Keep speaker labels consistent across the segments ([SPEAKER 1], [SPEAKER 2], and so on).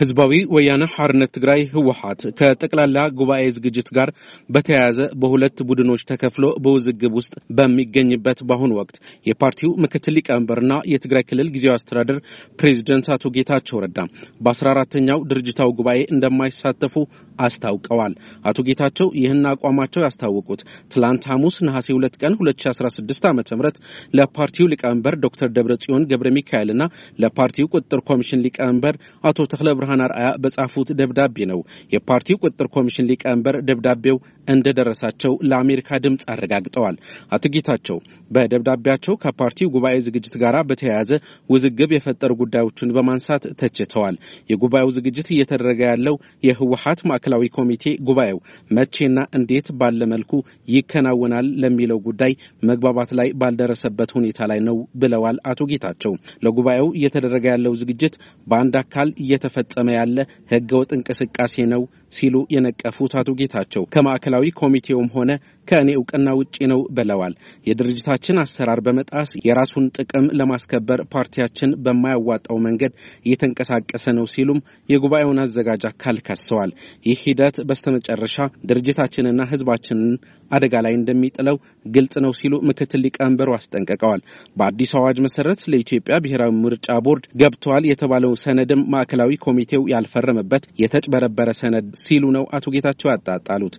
[SPEAKER 1] ህዝባዊ ወያነ ሐርነት ትግራይ ህወሓት ከጠቅላላ ጉባኤ ዝግጅት ጋር በተያያዘ በሁለት ቡድኖች ተከፍሎ በውዝግብ ውስጥ በሚገኝበት በአሁኑ ወቅት የፓርቲው ምክትል ሊቀመንበርና የትግራይ ክልል ጊዜያዊ አስተዳደር ፕሬዚደንት አቶ ጌታቸው ረዳ በ 14 ተኛው ድርጅታዊ ጉባኤ እንደማይሳተፉ አስታውቀዋል። አቶ ጌታቸው ይህን አቋማቸው ያስታወቁት ትላንት ሐሙስ ነሐሴ ሁለት ቀን 2016 ዓ ም ለፓርቲው ሊቀመንበር ዶክተር ደብረ ጽዮን ገብረ ሚካኤልና ለፓርቲው ቁጥጥር ኮሚሽን ሊቀመንበር አቶ ተክለብ ብርሃን አርአያ በጻፉት ደብዳቤ ነው። የፓርቲው ቁጥጥር ኮሚሽን ሊቀመንበር ደብዳቤው እንደደረሳቸው ለአሜሪካ ድምፅ አረጋግጠዋል። አቶ ጌታቸው በደብዳቤያቸው ከፓርቲው ጉባኤ ዝግጅት ጋር በተያያዘ ውዝግብ የፈጠሩ ጉዳዮችን በማንሳት ተችተዋል። የጉባኤው ዝግጅት እየተደረገ ያለው የህወሀት ማዕከላዊ ኮሚቴ ጉባኤው መቼና እንዴት ባለ መልኩ ይከናወናል ለሚለው ጉዳይ መግባባት ላይ ባልደረሰበት ሁኔታ ላይ ነው ብለዋል አቶ ጌታቸው። ለጉባኤው እየተደረገ ያለው ዝግጅት በአንድ አካል እየተፈጸ እየተፈጸመ ያለ ህገወጥ እንቅስቃሴ ነው ሲሉ የነቀፉት አቶ ጌታቸው ከማዕከላዊ ኮሚቴውም ሆነ ከእኔ እውቅና ውጪ ነው ብለዋል። የድርጅታችን አሰራር በመጣስ የራሱን ጥቅም ለማስከበር ፓርቲያችን በማያዋጣው መንገድ እየተንቀሳቀሰ ነው ሲሉም የጉባኤውን አዘጋጅ አካል ከሰዋል። ይህ ሂደት በስተመጨረሻ ድርጅታችንና ህዝባችንን አደጋ ላይ እንደሚጥለው ግልጽ ነው ሲሉ ምክትል ሊቀመንበሩ አስጠንቅቀዋል። በአዲስ አዋጅ መሰረት ለኢትዮጵያ ብሔራዊ ምርጫ ቦርድ ገብተዋል የተባለው ሰነድም ማዕከላዊ ኮሚቴ ኮሚቴው ያልፈረመበት የተጭበረበረ ሰነድ ሲሉ ነው አቶ ጌታቸው ያጣጣሉት።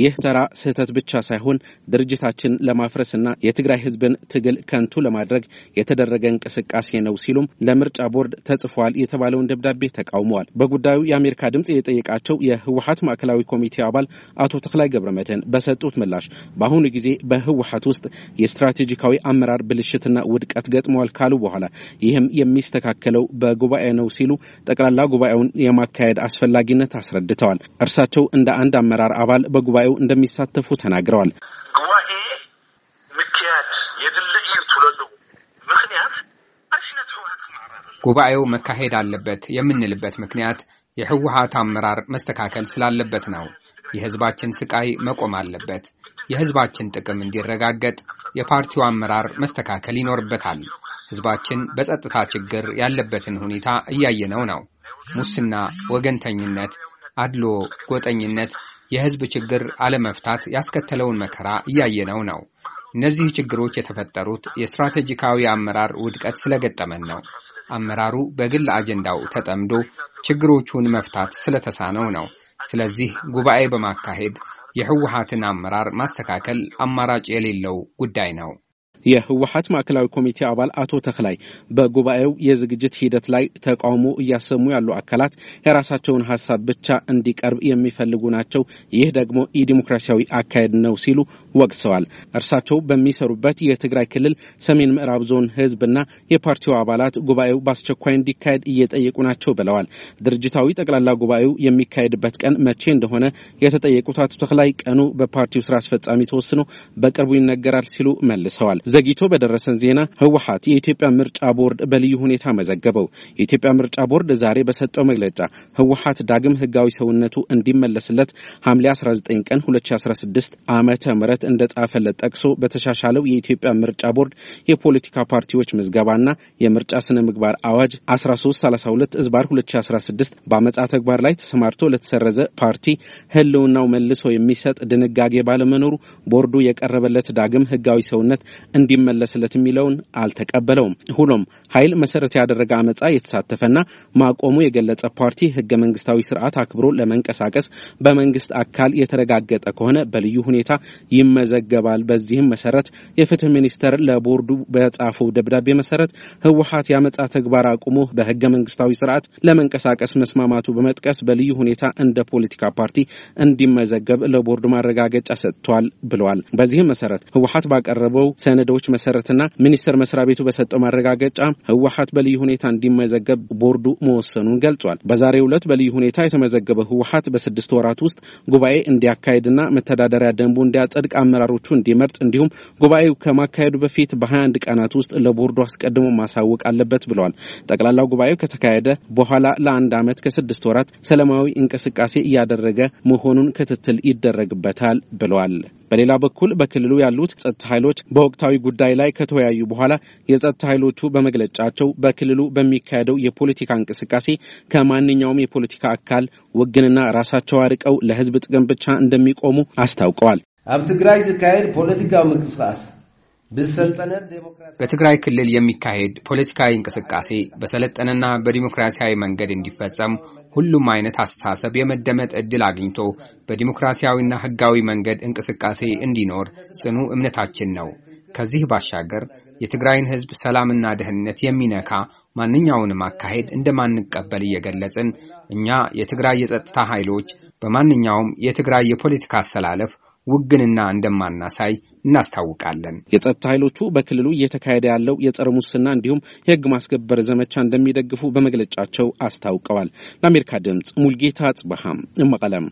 [SPEAKER 1] ይህ ተራ ስህተት ብቻ ሳይሆን ድርጅታችን ለማፍረስና የትግራይ ህዝብን ትግል ከንቱ ለማድረግ የተደረገ እንቅስቃሴ ነው ሲሉም ለምርጫ ቦርድ ተጽፏል የተባለውን ደብዳቤ ተቃውመዋል። በጉዳዩ የአሜሪካ ድምፅ የጠየቃቸው የህወሀት ማዕከላዊ ኮሚቴ አባል አቶ ተክላይ ገብረ በሰጡት ምላሽ በአሁኑ ጊዜ በህወሀት ውስጥ የስትራቴጂካዊ አመራር ብልሽትና ውድቀት ገጥመዋል ካሉ በኋላ ይህም የሚስተካከለው በጉባኤ ነው ሲሉ ጠቅላላ ጉባኤ ጉባኤውን የማካሄድ አስፈላጊነት አስረድተዋል። እርሳቸው እንደ አንድ አመራር አባል በጉባኤው እንደሚሳተፉ ተናግረዋል። ጉባኤ ትለሉ ምክንያት
[SPEAKER 2] ጉባኤው መካሄድ አለበት የምንልበት ምክንያት የህወሀት አመራር መስተካከል ስላለበት ነው። የህዝባችን ስቃይ መቆም አለበት። የህዝባችን ጥቅም እንዲረጋገጥ የፓርቲው አመራር መስተካከል ይኖርበታል። ህዝባችን በጸጥታ ችግር ያለበትን ሁኔታ እያየነው ነው። ሙስና፣ ወገንተኝነት፣ አድሎ፣ ጎጠኝነት፣ የህዝብ ችግር አለመፍታት ያስከተለውን መከራ እያየነው ነው። እነዚህ ችግሮች የተፈጠሩት የስትራቴጂካዊ አመራር ውድቀት ስለገጠመን ነው። አመራሩ በግል አጀንዳው ተጠምዶ ችግሮቹን መፍታት ስለተሳነው ነው። ስለዚህ ጉባኤ በማካሄድ የህወሀትን አመራር ማስተካከል አማራጭ የሌለው
[SPEAKER 1] ጉዳይ ነው። የህወሀት ማዕከላዊ ኮሚቴ አባል አቶ ተክላይ በጉባኤው የዝግጅት ሂደት ላይ ተቃውሞ እያሰሙ ያሉ አካላት የራሳቸውን ሀሳብ ብቻ እንዲቀርብ የሚፈልጉ ናቸው፣ ይህ ደግሞ የዲሞክራሲያዊ አካሄድ ነው ሲሉ ወቅሰዋል። እርሳቸው በሚሰሩበት የትግራይ ክልል ሰሜን ምዕራብ ዞን ህዝብና የፓርቲው አባላት ጉባኤው በአስቸኳይ እንዲካሄድ እየጠየቁ ናቸው ብለዋል። ድርጅታዊ ጠቅላላ ጉባኤው የሚካሄድበት ቀን መቼ እንደሆነ የተጠየቁት አቶ ተክላይ ቀኑ በፓርቲው ስራ አስፈጻሚ ተወስኖ በቅርቡ ይነገራል ሲሉ መልሰዋል። ዘግይቶ በደረሰን ዜና ህወሀት የኢትዮጵያ ምርጫ ቦርድ በልዩ ሁኔታ መዘገበው። የኢትዮጵያ ምርጫ ቦርድ ዛሬ በሰጠው መግለጫ ህወሀት ዳግም ህጋዊ ሰውነቱ እንዲመለስለት ሐምሌ 19 ቀን 2016 ዓመተ ምህረት እንደጻፈለት ጠቅሶ በተሻሻለው የኢትዮጵያ ምርጫ ቦርድ የፖለቲካ ፓርቲዎች ምዝገባና የምርጫ ስነ ምግባር አዋጅ 1332 እዝባር 2016 በአመፃ ተግባር ላይ ተሰማርቶ ለተሰረዘ ፓርቲ ህልውናው መልሶ የሚሰጥ ድንጋጌ ባለመኖሩ ቦርዱ የቀረበለት ዳግም ህጋዊ ሰውነት እንዲመለስለት የሚለውን አልተቀበለውም። ሆኖም ኃይል መሰረት ያደረገ አመጻ የተሳተፈና ማቆሙ የገለጸ ፓርቲ ህገ መንግስታዊ ስርዓት አክብሮ ለመንቀሳቀስ በመንግስት አካል የተረጋገጠ ከሆነ በልዩ ሁኔታ ይመዘገባል። በዚህም መሰረት የፍትህ ሚኒስተር ለቦርዱ በጻፈው ደብዳቤ መሰረት ህወሀት የአመፃ ተግባር አቁሞ በህገ መንግስታዊ ስርዓት ለመንቀሳቀስ መስማማቱ በመጥቀስ በልዩ ሁኔታ እንደ ፖለቲካ ፓርቲ እንዲመዘገብ ለቦርዱ ማረጋገጫ ሰጥቷል ብለዋል። በዚህም መሰረት ህወሀት ባቀረበው ሰነድ ሰነዶች መሰረትና ሚኒስቴር መስሪያ ቤቱ በሰጠው ማረጋገጫ ህወሀት በልዩ ሁኔታ እንዲመዘገብ ቦርዱ መወሰኑን ገልጿል። በዛሬው ዕለት በልዩ ሁኔታ የተመዘገበ ህወሀት በስድስት ወራት ውስጥ ጉባኤ እንዲያካሄድና መተዳደሪያ ደንቡ እንዲያጸድቅ አመራሮቹ እንዲመርጥ እንዲሁም ጉባኤው ከማካሄዱ በፊት በ21 ቀናት ውስጥ ለቦርዱ አስቀድሞ ማሳወቅ አለበት ብለዋል። ጠቅላላው ጉባኤው ከተካሄደ በኋላ ለአንድ ዓመት ከስድስት ወራት ሰላማዊ እንቅስቃሴ እያደረገ መሆኑን ክትትል ይደረግበታል ብለዋል። በሌላ በኩል በክልሉ ያሉት ጸጥታ ኃይሎች በወቅታዊ ጉዳይ ላይ ከተወያዩ በኋላ የጸጥታ ኃይሎቹ በመግለጫቸው በክልሉ በሚካሄደው የፖለቲካ እንቅስቃሴ ከማንኛውም የፖለቲካ አካል ውግንና ራሳቸው አርቀው ለህዝብ ጥቅም ብቻ እንደሚቆሙ አስታውቀዋል። ኣብ ትግራይ ዝካየድ ፖለቲካዊ ምንቅስቃስ በትግራይ ክልል
[SPEAKER 2] የሚካሄድ ፖለቲካዊ እንቅስቃሴ በሰለጠነና በዲሞክራሲያዊ መንገድ እንዲፈጸም ሁሉም አይነት አስተሳሰብ የመደመጥ እድል አግኝቶ በዲሞክራሲያዊና ሕጋዊ መንገድ እንቅስቃሴ እንዲኖር ጽኑ እምነታችን ነው። ከዚህ ባሻገር የትግራይን ሕዝብ ሰላምና ደህንነት የሚነካ ማንኛውንም አካሄድ እንደማንቀበል እየገለጽን እኛ የትግራይ የጸጥታ ኃይሎች በማንኛውም የትግራይ የፖለቲካ አሰላለፍ ውግንና
[SPEAKER 1] እንደማናሳይ እናስታውቃለን። የጸጥታ ኃይሎቹ በክልሉ እየተካሄደ ያለው የጸረ ሙስና እንዲሁም የህግ ማስከበር ዘመቻ እንደሚደግፉ በመግለጫቸው አስታውቀዋል። ለአሜሪካ ድምጽ ሙልጌታ አጽበሃም መቀለም